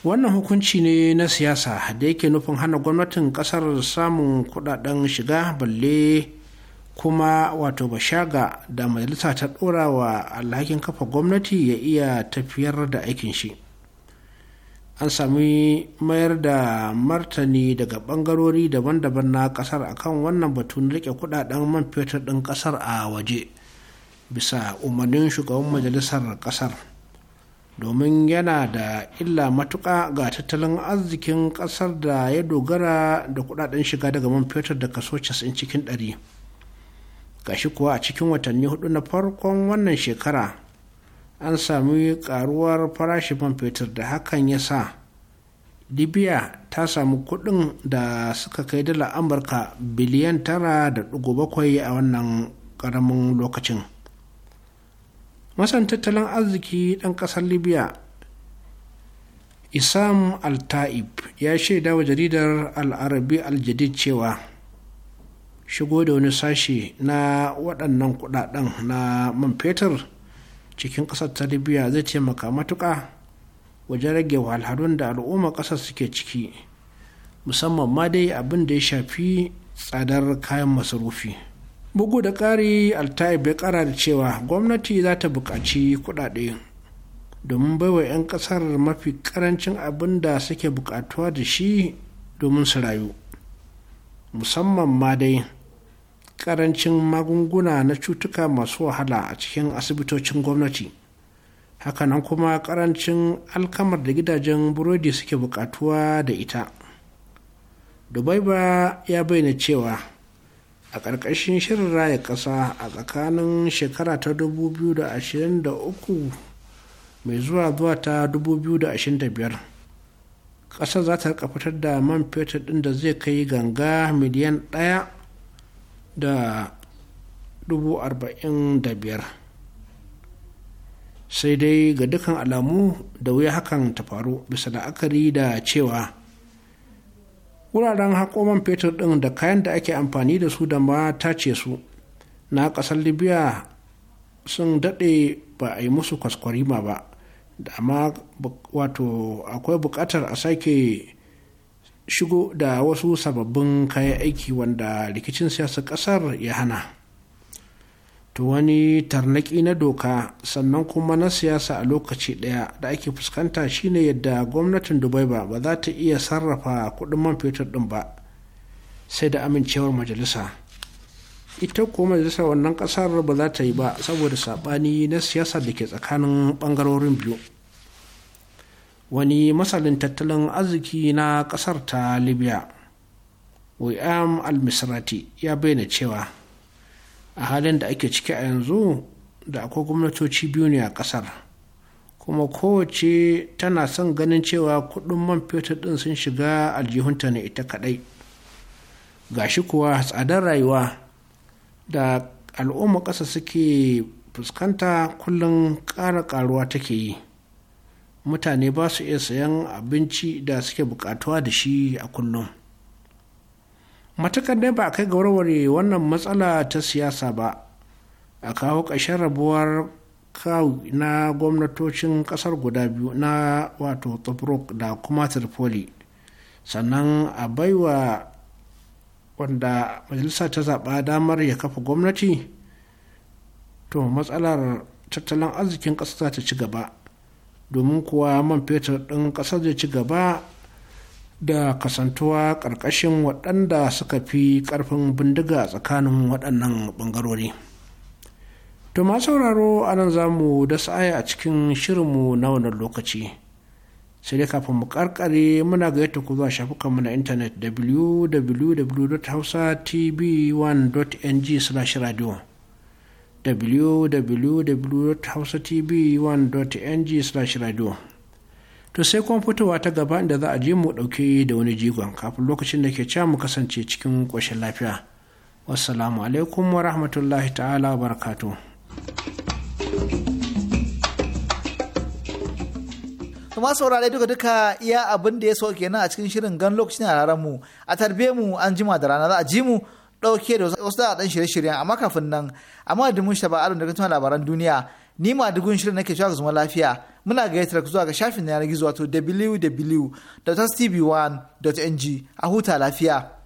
wannan hukunci ne na siyasa da yake nufin hana gwamnatin kasar samun kudaden shiga balle kuma wato bashaga da majalisa ta dora wa alhakin kafa gwamnati ya iya tafiyar da aikin shi an sami mayar da martani daga bangarori daban-daban na kasar akan wannan batun na rike kudaden man fetur din kasar a waje bisa umarnin shugaban majalisar kasar domin yana da illa matuƙa ga tattalin arzikin ƙasar da ya dogara da kudaden shiga daga man fetur da kaso 90 cikin 100 gashi kuwa a cikin watanni hudu na farkon wannan shekara an sami karuwar farashin man fetur da hakan ya sa libya ta samu kudin da suka kai dala amurka biliyan 9.7 a wannan karamin lokacin masan tattalin arziki ɗan ƙasar libya isam al-ta'ib ya shaida wa jaridar al-arabi al-jadid cewa shigo da wani sashe na waɗannan kuɗaɗen na man fetur cikin ƙasar ta libya zai taimaka matuƙa wajen rage wahalhalun da al'umma ƙasar suke ciki musamman ma dai abin da ya shafi tsadar kayan masarufi. bugu da ƙari altaib ya ƙara da cewa gwamnati za ta buƙaci kuɗaɗe domin baiwa 'yan ƙasar mafi ƙarancin abin da suke buƙatuwa da shi domin su rayu musamman ma dai ƙarancin magunguna na cutuka masu wahala a cikin asibitocin gwamnati hakanan kuma ƙarancin alkamar da gidajen burodi suke buƙatuwa da ita dubai ba ya bayyana cewa a ƙarƙashin shirin raya ƙasa a tsakanin shekara ta 2023 mai zuwa zuwa ta 2025 ƙasar za ta fitar da man fetur ɗin da zai kai ganga miliyan ɗaya da dubu da biyar sai dai ga dukkan alamu da wuya hakan ta faru bisa la'akari da cewa wuraren haƙoman fetur ɗin da kayan da ake amfani da su da ma tace su na ƙasar libya sun daɗe ba a yi musu kwaskwarima ba da amma wato akwai buƙatar a sake shigo da wasu sababbin kayan aiki wanda rikicin siyasar ƙasar ya hana da wani tarnaki na doka sannan kuma na siyasa a lokaci ɗaya da ake fuskanta shine yadda gwamnatin dubai ba ba za ta iya sarrafa kuɗin man fetur ɗin ba sai da amincewar majalisa ita kuma majalisa wannan ƙasar ba za ta yi ba saboda saɓani na siyasa da ke tsakanin ɓangarorin biyu wani masalin tattalin arziki na ƙasar ta libya wi'am al-misrati ya bayyana cewa a halin da ake ciki a yanzu da akwai gwamnatoci biyu ne a ƙasar kuma kowace tana son ganin cewa kudin man fetur din sun shiga aljihunta ne ita kaɗai gashi kuwa tsadar rayuwa da al'umma ƙasa suke fuskanta kullum ƙara ƙaruwa take yi mutane ba su iya sayan abinci da suke buƙatuwa da shi a kullum matukar dai ba a kai ga warware wannan matsala ta siyasa ba a kawo ƙashin rabuwar kawu na gwamnatocin ƙasar guda biyu na wato tobruk da kuma tripoli sannan a baiwa wanda majalisa ta zaɓa damar ya kafa gwamnati to matsalar tattalin arzikin ƙasa ta ci gaba domin kuwa man fetur ɗin ƙasar zai ci gaba da kasantuwa ƙarƙashin waɗanda suka fi ƙarfin bindiga tsakanin waɗannan ɓangarori. To ma sauraro anan za mu da sa'aya a cikin shirinmu na wannan lokaci. Sai dai kafin mu ƙarƙare muna gayyata ku zuwa shafukanmu na intanet www.hausatv1.ng/radio www.hausatv1.ng/radio to sai kuma fitowa ta gaba inda za a je mu dauke da wani jigon kafin lokacin da ke cewa mu kasance cikin ƙoshin lafiya Wasu alaikum wa rahmatullahi ta'ala wa barakatu ma saurare duka duka iya abin da ya so kenan a cikin shirin gan lokacin a mu a tarbe mu an jima da rana za a ji mu ɗauke da wasu da dan shirye-shiryen amma kafin nan amma da mun shaba da daga labaran duniya ni ma dugun shirin nake cewa zuma lafiya muna gayyatar zuwa ga shafin yanar gizo wato www.tv1.ng a huta lafiya.